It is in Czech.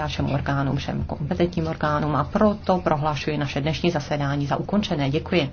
a všem orgánům, všem kompetentním orgánům a proto prohlašuji naše dnešní zasedání za ukončené. Děkuji.